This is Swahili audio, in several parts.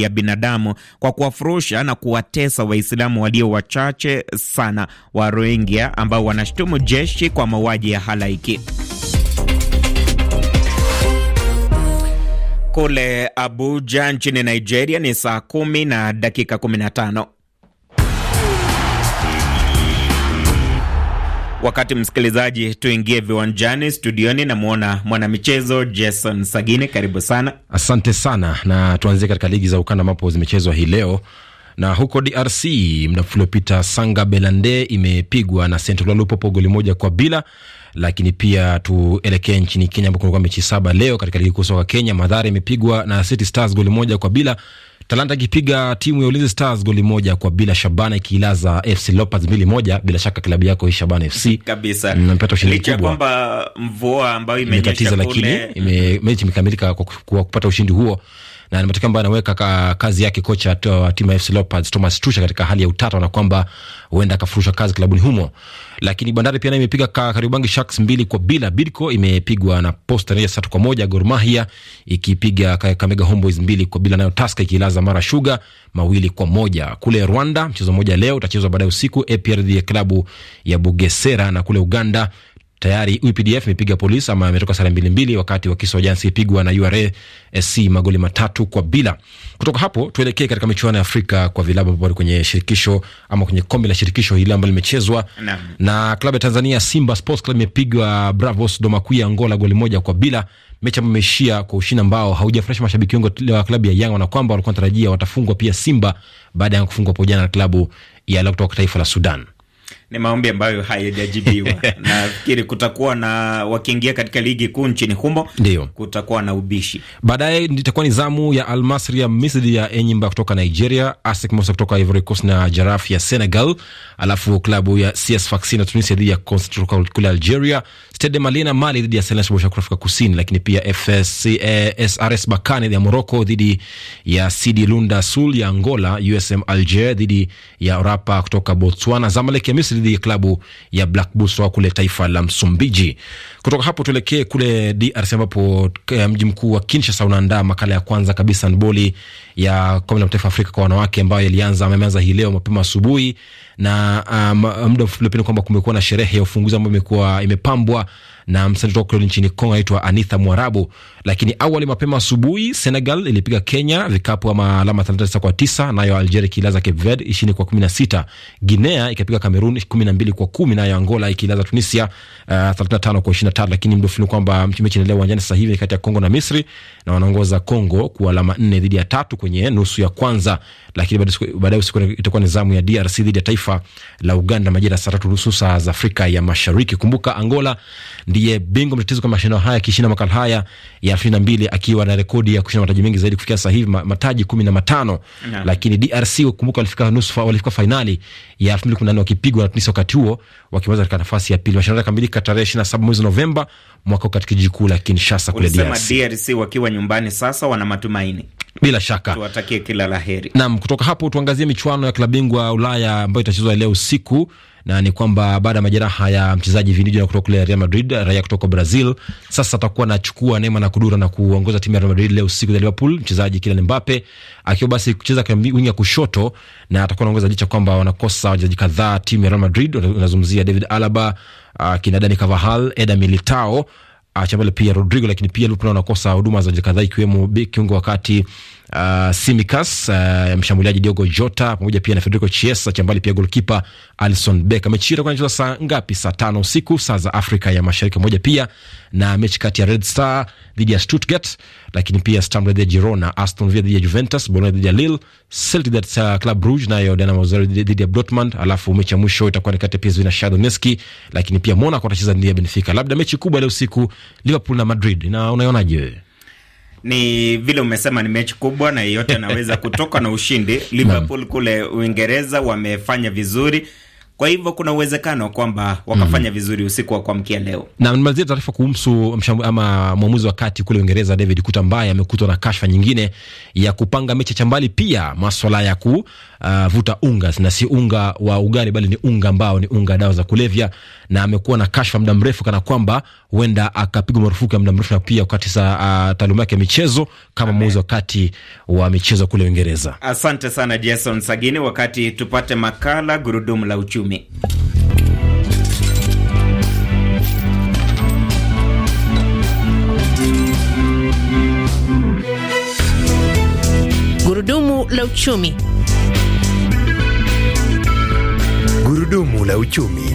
ya binadamu kwa kuwafurusha na kuwatesa Waislamu walio wachache sana wa Rohingya ambao wanashutumu jeshi kwa mauaji ya halaiki. Kule Abuja nchini Nigeria ni saa kumi na dakika 15. Wakati msikilizaji, tuingie viwanjani. Studioni namwona mwanamichezo Jason Sagini, karibu sana. Asante sana, na tuanzie katika ligi za ukanda ambapo zimechezwa hii leo na huko DRC muda mfupi uliopita Sanga Belande imepigwa na Central Lupopo goli moja kwa bila. Lakini pia tuelekee nchini Kenya ambako kulikuwa mechi saba leo katika ligi kuu soka Kenya. Madhara imepigwa na City Stars goli moja kwa bila Talanta akipiga timu ya Ulinzi Stars goli moja kwa bila, Shabana ikiilaza FC Leopards mbili moja. Bila shaka klabu yako hii Shabana FC kabisa imepata ushindi mkubwa, kwamba mvua ambayo imenyesha kule, lakini mechi imekamilika kwa kupata ushindi huo na ni matokeo ambayo anaweka ka, kazi yake kocha wa timu ya FC Leopards Thomas Tuchel katika hali ya utata na kwamba huenda akafurushwa kazi klabuni humo. Lakini Bandari pia nayo imepiga ka, Kariobangi Sharks mbili kwa bila. Bidco imepigwa na Posta Rangers tatu kwa moja. Gor Mahia ikipiga Kakamega Homeboys mbili kwa bila, nayo Tusker ikilaza Mara Sugar mawili kwa moja. Kule Rwanda mchezo mmoja leo utachezwa baadaye usiku, APR dhidi ya klabu ya Bugesera, na kule Uganda Tayari UPDF imepiga polisi ama ametoka sare mbili mbili, wakati wa wakisojansi ipigwa na URA SC magoli matatu kwa bila. Kutoka hapo tuelekee katika michuano ya Afrika kwa vilabu ambapo kwenye shirikisho ama kwenye kombe la shirikisho hili ambalo limechezwa na, na klabu ya Tanzania Simba Sports Club imepigwa Bravos Domakuya Angola goli moja kwa bila, mechi ambayo imeishia kwa ushindi ambao haujafurahisha mashabiki wengi wa klabu ya Yanga na kwamba walikuwa wanatarajia watafungwa pia Simba baada ya kufungwa hapo jana na klabu ya kutoka taifa la Sudan ni maombi ambayo hayajajibiwa. Nafikiri kutakuwa na wakiingia katika ligi kuu nchini humo, ndio kutakuwa na ubishi. Baadaye itakuwa ni zamu ya Almasri ya Misri ya Enyimba kutoka Nigeria, Asec Mosa kutoka Ivory Coast na Jaraf ya Senegal, alafu klabu ya CS na Tunisia dhidi ya Constantine kule Algeria, Stade Malina Mali dhidi ya Salinas Boshak Afrika Kusini, lakini pia FSC, eh, SRS Bakane ya Morocco dhidi ya CD Lunda Sul ya Angola, USM Alger dhidi ya Orapa kutoka Botswana, Zamalek ya Misri dhidi ya klabu ya Black Bulls wa kule taifa la Msumbiji. Kutoka hapo tuelekee kule DRC ambapo eh, mji mkuu wa Kinshasa unaandaa makala ya kwanza kabisa nboli ya kombe la mataifa Afrika kwa wanawake ambayo yalianza ameanza hii leo mapema asubuhi, na um, muda mfupi uliopita kwamba kumekuwa na sherehe ya ufunguzi ambayo imekuwa imepambwa na msanii kutoka nchini Kongo anaitwa Anitha Mwarabu. Lakini awali mapema asubuhi, Senegal ilipiga Kenya vikapu ama alama 39 kwa 9, nayo Algeria ikilaza Cape Verde 20 kwa 16. Guinea ikapiga Cameroon 12 kwa 10, nayo Angola ikilaza Tunisia uh, 35 kwa 23. Lakini mdofuni kwamba mechi inaendelea uwanjani sasa hivi kati ya Kongo na Misri na wanaongoza Kongo kwa alama 4 dhidi ya tatu kwenye nusu ya kwanza, lakini baadaye usiku itakuwa ni zamu ya DRC dhidi ya taifa la Uganda majira saa 3:30 saa za Afrika ya Mashariki. Kumbuka Angola ndi ndiye bingwa mtetezi kwa mashindano haya, akishinda makala haya ya elfu na mbili akiwa na rekodi ya kushinda mataji mengi zaidi kufikia sasa hivi mataji kumi na matano. Lakini DRC kumbuka, walifika nusu, walifika fainali ya elfu mbili kumi na nne wakipigwa na Tunisia, wakati huo wakimaliza katika nafasi ya pili. Mashindano yakamilika tarehe ishirini na saba mwezi Novemba mwaka huu katika jiji kuu la Kinshasa kule DRC. DRC wakiwa nyumbani sasa, wana matumaini bila shaka tuwatakie kila la heri. Naam, kutoka hapo tuangazie michuano ya klabu bingwa Ulaya ambayo itachezwa leo usiku na ni kwamba baada ya majeraha ya mchezaji Vinicius kutoka kule Real Madrid, raia kutoka Brazil, sasa atakuwa anachukua neema na kudura na kuongoza timu ya Real Madrid leo usiku ya Liverpool, mchezaji Kylian Mbappe akiwa basi kucheza kama winga kushoto, na atakuwa anaongoza licha kwamba wanakosa wachezaji kadhaa timu ya Real Madrid. Unazungumzia David Alaba, uh, kina Dani Carvajal, Eder Militao, uh, ah, chambele pia Rodrigo, lakini pia Liverpool wanakosa huduma za wachezaji kadhaa ikiwemo kiungo wakati uh, Simicas uh, mshambuliaji Diogo Jota pamoja pia na Federico Chiesa chambali pia golkipa Alison Beck. Mechi itakuwa saa ngapi? Saa tano usiku saa za Afrika ya Mashariki, moja pia na mechi kati ya Red Star dhidi ya Stuttgart, lakini pia Stamford dhidi ya Girona, Aston Villa dhidi ya Juventus, Bologna dhidi ya Lille, Celtic dhidi ya Club Brugge, nayo Zagreb dhidi ya Dortmund, alafu mechi ya mwisho itakuwa ni kati ya PSV na Shakhtar Donetsk, lakini pia Monaco atacheza dhidi ya Benfica. Labda mechi kubwa leo usiku Liverpool na Madrid, na unaionaje wewe? ni vile umesema, ni mechi kubwa na yeyote anaweza kutoka na ushindi. Liverpool kule Uingereza wamefanya vizuri kwa hivyo kuna uwezekano kwamba wakafanya mm, vizuri usiku wa kuamkia leo. Na nimalizia taarifa kuhusu ama mwamuzi wa kati kule Uingereza David Kuta ambaye amekutwa na kashfa nyingine ya kupanga mechi cha chambali, pia maswala ya ku uh, vuta unga na si unga wa ugali, bali ni unga ambao ni unga dawa za kulevya, na amekuwa na kashfa muda mrefu, kana kwamba huenda akapigwa marufuku ya muda mrefu, na pia wakati sa uh, taaluma yake ya michezo kama muuzi wakati wa michezo kule Uingereza. Asante sana Jason Sagini, wakati tupate makala gurudumu la uchumi. Gurudumu la uchumi gurudumu la uchumi.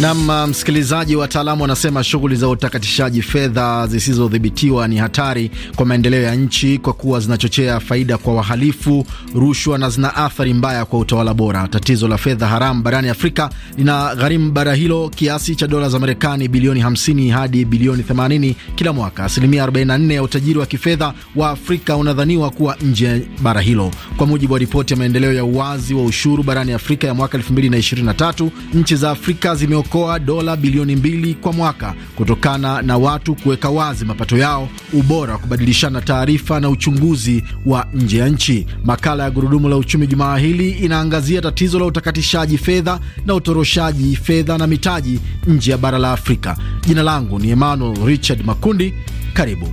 Nam uh, msikilizaji, wataalamu wanasema shughuli za utakatishaji fedha zisizodhibitiwa ni hatari kwa maendeleo ya nchi kwa kuwa zinachochea faida kwa wahalifu, rushwa na zina athari mbaya kwa utawala bora. Tatizo la fedha haramu barani Afrika lina gharimu bara hilo kiasi cha dola za Marekani bilioni 50 hadi bilioni 80 kila mwaka. Asilimia 44 ya utajiri wa kifedha wa Afrika unadhaniwa kuwa nje ya bara hilo. Kwa mujibu wa ripoti ya maendeleo ya uwazi wa ushuru barani Afrika ya mwaka 2023, nchi za Afrika zime kuokoa dola bilioni mbili kwa mwaka kutokana na watu kuweka wazi mapato yao, ubora wa kubadilishana taarifa na uchunguzi wa nje ya nchi. Makala ya Gurudumu la Uchumi jumaa hili inaangazia tatizo la utakatishaji fedha na utoroshaji fedha na mitaji nje ya bara la Afrika. Jina langu ni Emmanuel Richard Makundi. Karibu.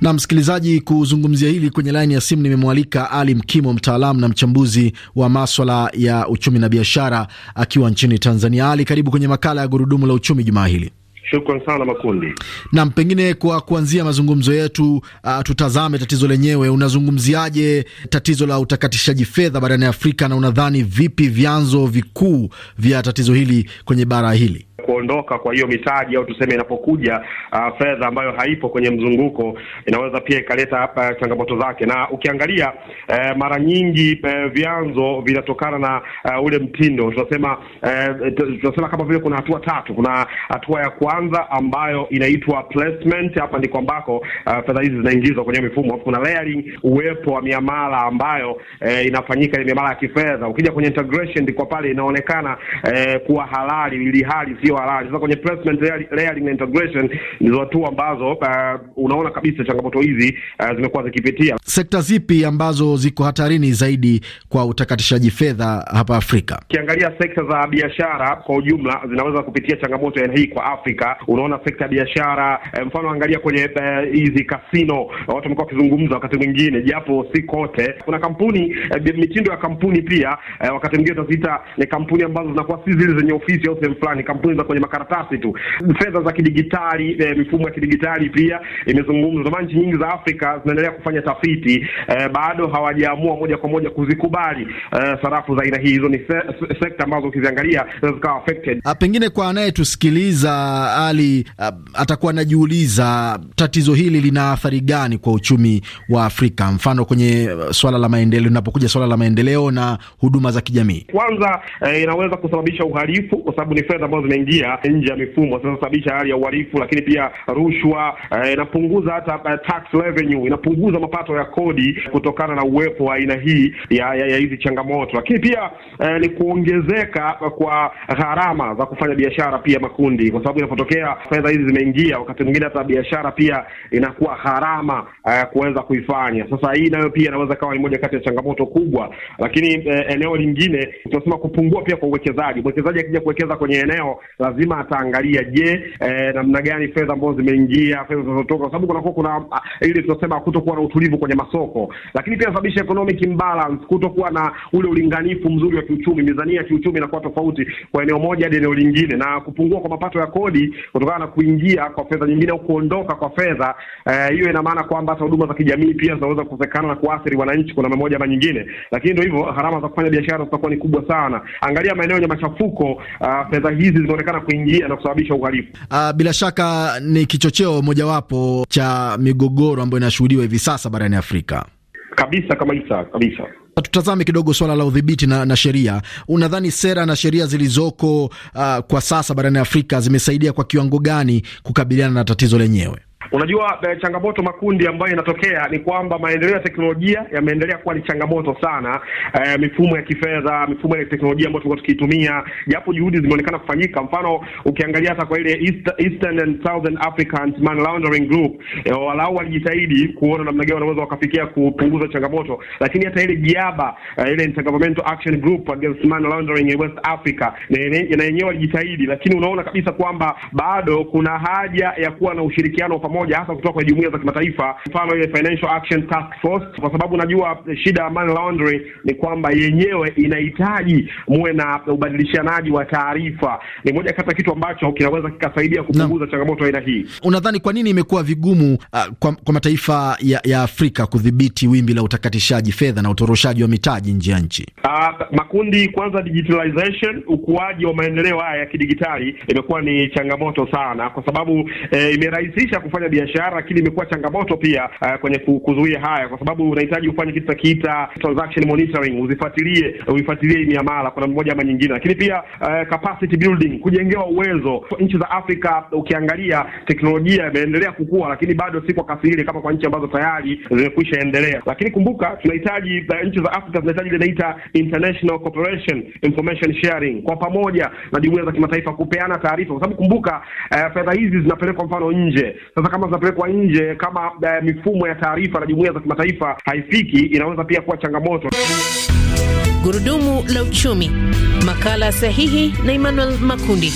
Na msikilizaji, kuzungumzia hili kwenye laini ya simu nimemwalika Ali Mkimo, mtaalamu na mchambuzi wa maswala ya uchumi na biashara, akiwa nchini Tanzania. Ali, karibu kwenye makala ya gurudumu la uchumi jumaa hili. Shukran sana Makundi. Naam, pengine kwa kuanzia mazungumzo yetu, uh, tutazame tatizo lenyewe. Unazungumziaje tatizo la utakatishaji fedha barani Afrika, na unadhani vipi vyanzo vikuu vya tatizo hili kwenye bara hili? kuondoka kwa hiyo mitaji au tuseme inapokuja uh, fedha ambayo haipo kwenye mzunguko inaweza pia ikaleta hapa uh, changamoto zake, na ukiangalia uh, mara nyingi uh, vyanzo vinatokana na uh, ule mtindo tunasema, uh, tunasema kama vile kuna hatua tatu. Kuna hatua ya kwanza ambayo inaitwa placement, hapa ndiko ambako uh, fedha hizi zinaingizwa kwenye mifumo, alafu kuna layering, uwepo wa miamala ambayo uh, inafanyika, ile miamala ya kifedha. Ukija kwenye integration, ndiko pale inaonekana uh, kuwa halali ili hali sio sio halali. Sasa kwenye placement, layering integration ndizo watu ambazo uh, unaona kabisa changamoto hizi uh, zimekuwa zikipitia. Sekta zipi ambazo ziko hatarini zaidi kwa utakatishaji fedha hapa Afrika? Ukiangalia sekta za biashara kwa ujumla zinaweza kupitia changamoto ya hii kwa Afrika. Unaona sekta ya biashara, eh, mfano angalia kwenye eh, hizi eh, kasino, watu wamekuwa wakizungumza wakati mwingine, japo si kote. Kuna kampuni eh, mitindo ya kampuni pia eh, wakati mwingine utaziita ni kampuni ambazo zinakuwa si zile zenye ofisi au sehemu fulani, kampuni za kwenye makaratasi tu, fedha za kidigitali e, mifumo ya kidigitali pia imezungumzwa na nchi nyingi za Afrika zinaendelea kufanya tafiti e, bado hawajaamua moja kwa moja kuzikubali e, sarafu za aina hii. Hizo ni se, se, sekta ambazo ukiziangalia zikawa affected. Ah, pengine kwa anayetusikiliza ali a, ah, atakuwa anajiuliza tatizo hili lina athari gani kwa uchumi wa Afrika, mfano kwenye swala la maendeleo, inapokuja swala la maendeleo na huduma za kijamii. Kwanza e, inaweza kusababisha uhalifu kwa sababu ni fedha ambazo zimeingia kuingia nje ya mifumo zinazosababisha hali ya uhalifu, lakini pia rushwa eh, inapunguza eh, hata tax revenue inapunguza mapato ya kodi kutokana na uwepo wa aina hii ya, ya, ya hizi changamoto, lakini pia eh, ni kuongezeka kwa gharama za kufanya biashara pia makundi, kwa sababu inapotokea fedha hizi zimeingia, wakati mwingine hata biashara pia inakuwa gharama eh, kuweza kuifanya. Sasa hii nayo pia inaweza kawa ni moja kati ya changamoto kubwa, lakini eh, eneo lingine tunasema kupungua pia kwa uwekezaji. Mwekezaji akija kuwekeza kwenye eneo lazima ataangalia, je, eh, namna gani fedha ambazo zimeingia, fedha zinazotoka, kwa sababu kunakuwa kuna, ah, ile tunasema kutokuwa na utulivu kwenye masoko, lakini pia sababisha economic imbalance, kutokuwa na ule ulinganifu mzuri wa kiuchumi. Mizania ya kiuchumi inakuwa tofauti kwa eneo moja hadi eneo lingine, na kupungua kwa mapato ya kodi kutokana na kuingia kwa fedha nyingine au kuondoka kwa fedha eh, hiyo. Eh, ina maana kwamba hata huduma za kijamii pia zinaweza kukosekana na kuathiri wananchi kuna namna moja ama nyingine, lakini ndio hivyo, gharama za kufanya biashara zitakuwa ni kubwa sana. Angalia maeneo yenye machafuko, uh, fedha hizi zinaonekana na kuingia na kusababisha uhalifu. Uh, bila shaka ni kichocheo mojawapo cha migogoro ambayo inashuhudiwa hivi sasa barani Afrika. Kabisa kabisa kabisa. Ah, tutazame kidogo swala la udhibiti na, na sheria. Unadhani sera na sheria zilizoko uh, kwa sasa barani Afrika zimesaidia kwa kiwango gani kukabiliana na tatizo lenyewe? Unajua eh, changamoto makundi ambayo inatokea ni kwamba maendeleo ya teknolojia yameendelea kuwa ni changamoto sana. Eh, mifumo ya kifedha, mifumo ya teknolojia ambayo tulikuwa tukiitumia, japo juhudi zimeonekana kufanyika. Mfano, ukiangalia hata kwa ile East, Eastern and Southern African Money Laundering Group eh, walau walijitahidi kuona namna gani wanaweza wakafikia kupunguza changamoto, lakini hata ile Giaba eh, ile Intergovernmental Action Group Against Money Laundering in West Africa na yenyewe walijitahidi, lakini unaona kabisa kwamba bado kuna haja ya kuwa na ushirikiano wa pamoja pamoja, hasa kutoka kwenye jumuiya za kimataifa, mfano ile Financial Action Task Force, kwa sababu najua shida ya money laundering ni kwamba yenyewe inahitaji muwe na ubadilishanaji wa taarifa. Ni moja kati ya kitu ambacho kinaweza kikasaidia kupunguza changamoto aina hii. Unadhani kwa nini imekuwa vigumu uh, kwa, kwa mataifa ya, ya Afrika kudhibiti wimbi la utakatishaji fedha na utoroshaji wa mitaji nje ya nchi? Uh, makundi kwanza, digitalization, ukuaji wa maendeleo haya ya kidigitali imekuwa ni changamoto sana, kwa sababu eh, imerahisisha kufanya kufanya biashara, lakini imekuwa changamoto pia uh, kwenye kuzuia haya, kwa sababu unahitaji ufanye kitu kiita transaction monitoring, uzifuatilie uifuatilie miamala kuna mmoja ama nyingine, lakini pia uh, capacity building, kujengewa uwezo. Nchi za Afrika ukiangalia teknolojia imeendelea kukua, lakini bado si kwa kasi ile kama kwa nchi ambazo tayari zimekwisha endelea. Lakini kumbuka tunahitaji eh, nchi za Afrika zinahitaji ile inaita international cooperation information sharing, kwa pamoja na jumuiya za kimataifa kupeana taarifa, kwa sababu kumbuka uh, fedha hizi zinapelekwa mfano nje. Sasa kama zinapelekwa nje, kama uh, mifumo ya taarifa na jumuiya za kimataifa haifiki, inaweza pia kuwa changamoto. Gurudumu la uchumi, makala sahihi na Emmanuel Makundi.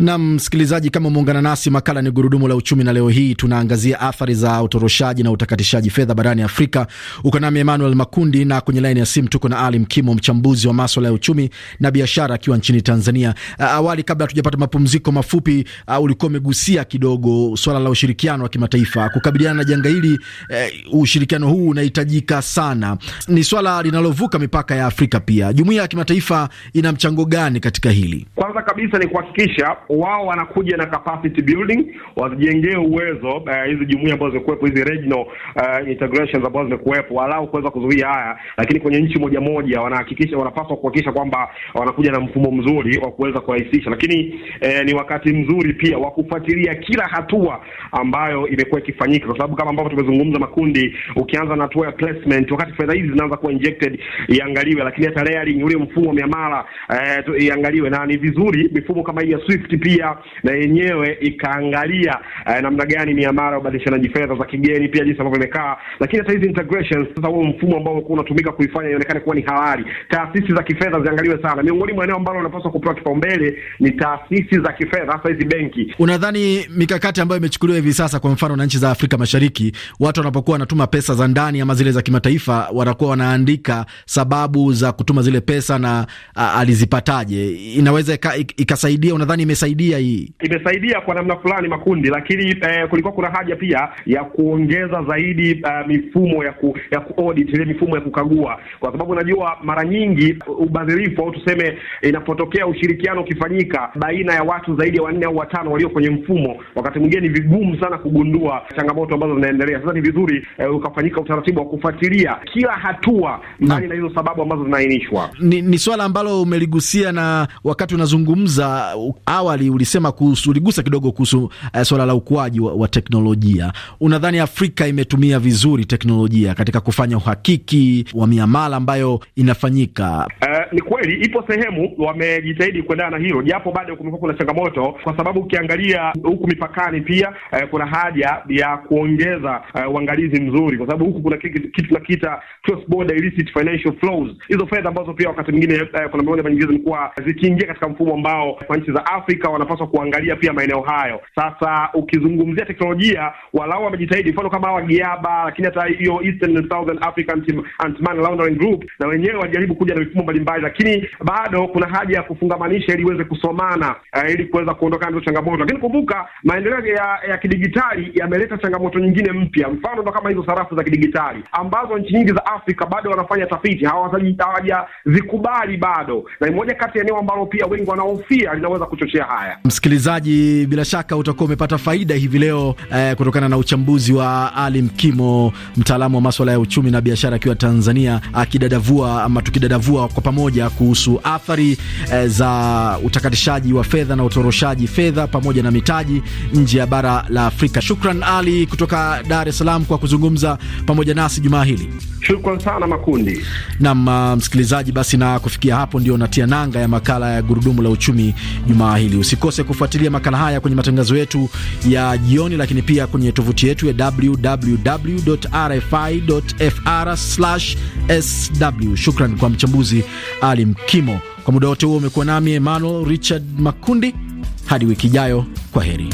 Na msikilizaji, kama umeungana nasi, makala ni gurudumu la uchumi, na leo hii tunaangazia athari za utoroshaji na utakatishaji fedha barani Afrika. Uko nami Emmanuel Makundi, na kwenye laini ya simu tuko na Ali Mkimo, mchambuzi wa maswala ya uchumi na biashara, akiwa nchini Tanzania. awali kabla hatujapata mapumziko mafupi, ulikuwa umegusia kidogo swala la ushirikiano wa kimataifa kukabiliana na janga hili. Uh, ushirikiano huu unahitajika sana, ni swala linalovuka mipaka ya Afrika. Pia jumuiya ya kimataifa ina mchango gani katika hili? Kwanza kabisa ni kuhakikisha wao wanakuja na capacity building, wajengee uwezo uh, hizi jumuiya ambazo zimekuwepo hizi regional uh, integrations ambazo zimekuwepo, walau kuweza kuzuia haya, lakini kwenye nchi moja moja wanahakikisha, wanapaswa kuhakikisha kwamba wanakuja na mfumo mzuri wa kuweza kurahisisha, lakini eh, ni wakati mzuri pia wa kufuatilia kila hatua ambayo imekuwa ikifanyika, kwa sababu kama ambavyo tumezungumza, makundi, ukianza na hatua ya placement, wakati fedha hizi zinaanza kuwa injected iangaliwe, lakini hata layering, ule mfumo wa miamala eh, iangaliwe, na ni vizuri mifumo kama hii ya Swift pia na yenyewe ikaangalia uh, namna gani miamara ya ubadilishanaji fedha za kigeni pia jinsi ambavyo imekaa, lakini hata hizi integrations sasa, huo mfumo ambao ulikuwa unatumika kuifanya ionekane kuwa ni halali, taasisi za kifedha ziangaliwe sana. Miongoni mwa eneo ambalo unapaswa kupewa kipaumbele ni taasisi za kifedha, hasa hizi benki. Unadhani mikakati ambayo imechukuliwa hivi sasa, kwa mfano na nchi za Afrika Mashariki, watu wanapokuwa wanatuma pesa za ndani ama zile za kimataifa, wanakuwa wanaandika sababu za kutuma zile pesa na a, alizipataje, inaweza ikasaidia? Unadhani imesaidia? imesaidia hii, imesaidia kwa namna fulani makundi, lakini eh, kulikuwa kuna haja pia ya kuongeza zaidi eh, mifumo ya ku, ya audit ile mifumo ya kukagua, kwa sababu najua mara nyingi ubadhirifu au tuseme inapotokea ushirikiano ukifanyika baina ya watu zaidi ya wanne au watano walio kwenye mfumo, wakati mwingine ni vigumu sana kugundua changamoto ambazo zinaendelea. Sasa ni vizuri eh, ukafanyika utaratibu wa kufuatilia kila hatua mbali na hizo sababu ambazo zinaainishwa. Ni, ni swala ambalo umeligusia na wakati unazungumza awa awali ulisema kuhusu, uligusa kidogo kuhusu uh, swala la ukuaji wa, wa teknolojia. Unadhani Afrika imetumia vizuri teknolojia katika kufanya uhakiki wa miamala ambayo inafanyika? Uh, ni kweli ipo sehemu wamejitahidi kuendana na hilo, japo bado kumekuwa kuna changamoto, kwa sababu ukiangalia huku mipakani pia uh, kuna haja ya kuongeza uangalizi mzuri, kwa sababu huku kuna kitu tunakiita cross border illicit financial flows, hizo fedha ambazo pia wakati mwingine uh, kuna maoni ni kuwa zikiingia katika mfumo ambao kwa nchi za Afrika Afrika wanapaswa kuangalia pia maeneo hayo. Sasa ukizungumzia teknolojia, walau wamejitahidi, mfano kama hawa Giaba, lakini hata hiyo Eastern and Southern Anti-Money Laundering Group na wenyewe wajaribu kuja na mifumo mbalimbali, lakini bado kuna haja ya kufungamanisha ili iweze kusomana, uh, ili kuweza kuondokana na changamoto. Lakini kumbuka maendeleo ya, ya kidigitali yameleta changamoto nyingine mpya, mfano ndo kama hizo sarafu za kidigitali ambazo nchi nyingi za Afrika bado wanafanya tafiti, hawajazikubali bado, na moja kati ya eneo ambalo pia wengi wanahofia linaweza kuchochea haya. Msikilizaji, bila shaka utakuwa umepata faida hivi leo eh, kutokana na uchambuzi wa Ali Mkimo, mtaalamu wa maswala ya uchumi na biashara akiwa Tanzania, akidadavua ama tukidadavua kwa pamoja kuhusu athari eh, za utakatishaji wa fedha na utoroshaji fedha pamoja na mitaji nje ya bara la Afrika. Shukran Ali kutoka Dar es Salaam kwa kuzungumza pamoja nasi jumaa hili. Shukran sana Makundi. nam ah, msikilizaji, basi na kufikia hapo ndio natia nanga ya makala ya gurudumu la uchumi jumaa hili. Usikose kufuatilia makala haya kwenye matangazo yetu ya jioni, lakini pia kwenye tovuti yetu ya www.rfi.fr/sw. Shukran kwa mchambuzi Ali Mkimo. Kwa muda wote huo umekuwa nami Emmanuel Richard Makundi. Hadi wiki ijayo, kwa heri.